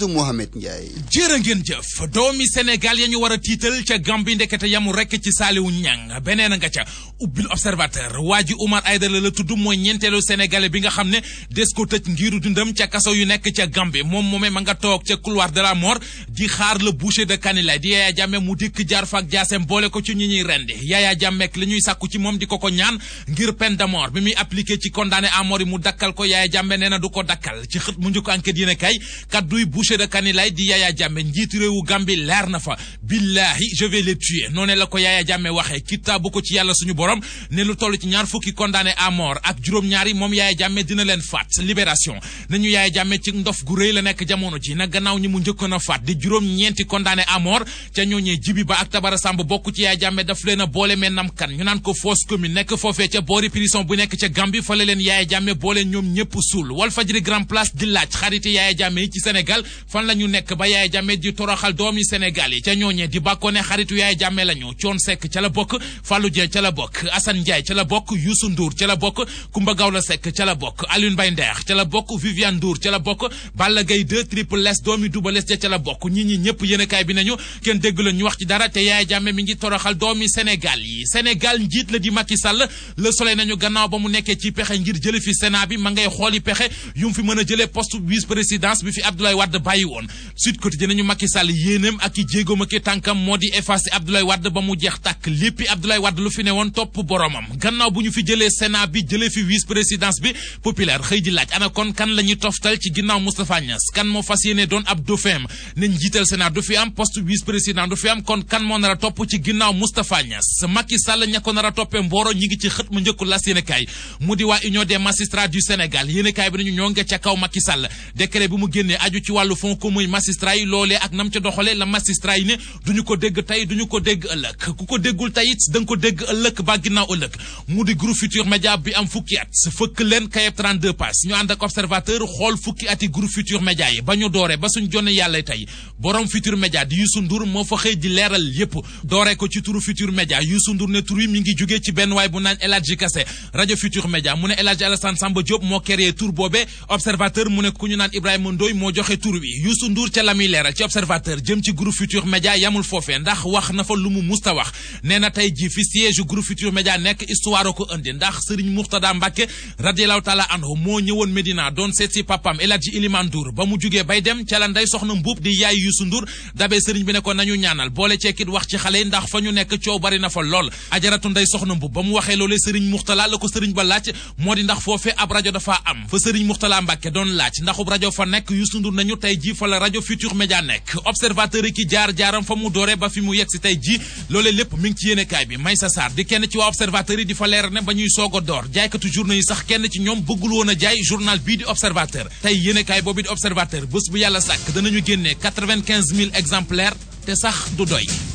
Hadj Mohamed Ndiaye. jërë ngeen jëf doomi Sénégal ya ñu war a tiital ca Gambie ndekete yamu rek ci Saliou Niang beneen nga ca ubbil observateur waa ji Oumar Aydara la tudd mooy ñeenteelu sénégalais bi nga xam ne des ko tëj ngiru dundam ca kaso yu nekk ca Gambie moom moom ma nga toog ca couloir de la mort di xaar la boucher de Kanilai di Yaya Jammeh mu dikk jaar fa ak jaasem boole ko ci ñi ñuy rendi Yaya Jammeh li ñuy sàkku ci moom di ko ko ñaan ngir pen de mort bi muy appliqué ci condamné à mu dakkal ko Yaya Jammeh nee na du ko dakkal ci xët mu njëkk enquête yéen a kay boucher de Kanilaay di Yaya Jammeh njiitu réewu Gambie leer na fa billahi je vais les tuer noonee la ko Yaya Jammeh waxee kitaabu ko ci yàlla suñu borom ne lu toll ci ñaar fukki condamné à mort ak juróom-ñaari moom Yaya Jammeh dina leen faat libération nañu Yaya Jammeh ci ndof gu rëy la nekk jamono ji na gannaaw ñi mu njëkkoon a faat di juróom-ñeenti condamné à mort ca ñooñee Jibi Ba ak Tabara bokk ci Yaya Jammeh daf leen a boole mennam ñu naan ko fosse commune nekk foofee ca boori nekk ca Gambie fa la leen Yaya Jammeh boole ñoom ñëpp suul Walfadjri Grand Place di laaj xariti Yaya Jammeh yi ci fan la ñu nekk ba yaay jàmme di toroxal doomi Sénégal yi ca ñooñee di bàkkoone xaritu yaay jàmme lañu Thione Seck ca la bokk Fallou Dieng ca la bokk Assane Ndiaye ca la bokk Youssou Ndour ca la bokk Coumba Gawlo Seck ca la bokk Alioune Mbaye Nder ca la bokk Viviane Ndour ca la bokk Balla Gaye 2 Triple S doomi Double Less ca la bokk ñi ñi ñëpp yéenekaay bi nañu kenn dégg la ñu wax ci dara te yaay jàmme mi ngi toroxal doomi Sénégal yi Sénégal njiit la di Macky Sall Le Soleil nañu gannaaw ba mu nekkee ci pexe ngir jële fi Sénat bi ma ngay xooli pexe yu a jëlee poste vice présidence bàyyi woon Sud nañu Macky Sall yéeneem ak i jéegoom ak tànkam moo di effacer Abdoulaye Wade ba mu jeex tàkk léppi Abdoulaye Wade lu fi ne woon topp boromam gannaaw bu ñu fi jëlee Sénat bi jëlee fi vice présidence bi populaire xëy di laaj ana kan la toftal ci ginnaaw Moustapha Niass kan moo fas yéene doon ab dauphin ne njiital Sénat du fi am poste vice président du fi am kon kan moo nar a topp ci ginnaaw Moustapha Niass Macky Sall ña ko nar toppee mbooro fond ko muy magistrat loolee ak nam ca doxalee la magistrat yi ne duñu ko dégg tey duñu ko dégg ëllëg ku ko déggul tey it da nga ko dégg ëllëg ba ginnaaw ëllëg mu di groupe Futur Média bi am fukki at fëkk leen kayeb 32 pages ñu ànd ak observateur xool fukki ati groupe Futur Média yi ba ñu dooree ba suñ jonne yàlla tey borom Futur Média di Youssou Ndour moo fa xëy di leeral yépp dooree ko ci turu Futur Média Youssou Ndour ne tur wi mi ngi jógee ci benn waay bu naan El Hadji mu ne El Hadji Alassane Samba Diop moo créé tur boobee mu ne ku ñu naan Ibrahima Ndoye moo joxe tur wi yi Youssou Ndour ca la muy leeral ci observateur jëm ci groupe Futur Média yamul foofee ndax wax na fa lu mu musta wax nee na tey ji fi siège groupe Futur Média nekk histoire ko indi ndax Serigne Mourtada Mbacke radiyallahu taala moo ñëwoon Medina doon seet si papam El Hadji Iliman ba mu jugee bay dem ca nday soxna mbuub di yaay Youssou Ndour dabee Serigne bi ne ko nañu ñaanal boole ceekit wax ci xale ndax fa ñu nekk coow bari na fa lool ajaratu nday soxna mbuub ba mu waxee loolee Serigne Mourtada la ko Serigne ba laaj moo di ndax foofee ab rajo dafa am fa tey ji fa la rajo Futur Média nekk observateur yi ki jaar-jaaram fa mu doore ba fi mu yegg si tey ji loolee lépp mi ngi ci yéenekaay bi may sa Sarr di kenn ci waa observateur yi di fa leer ne ba ñuy soog a door jaaykatu journaux yi sax kenn ci ñoom bëggul woon a jaay journal bii di observateur tey yéenekaay boobu di observateur bés bu yàlla sàkk danañu génnee quatre-vingt-quinze mille exemplaires te sax du doy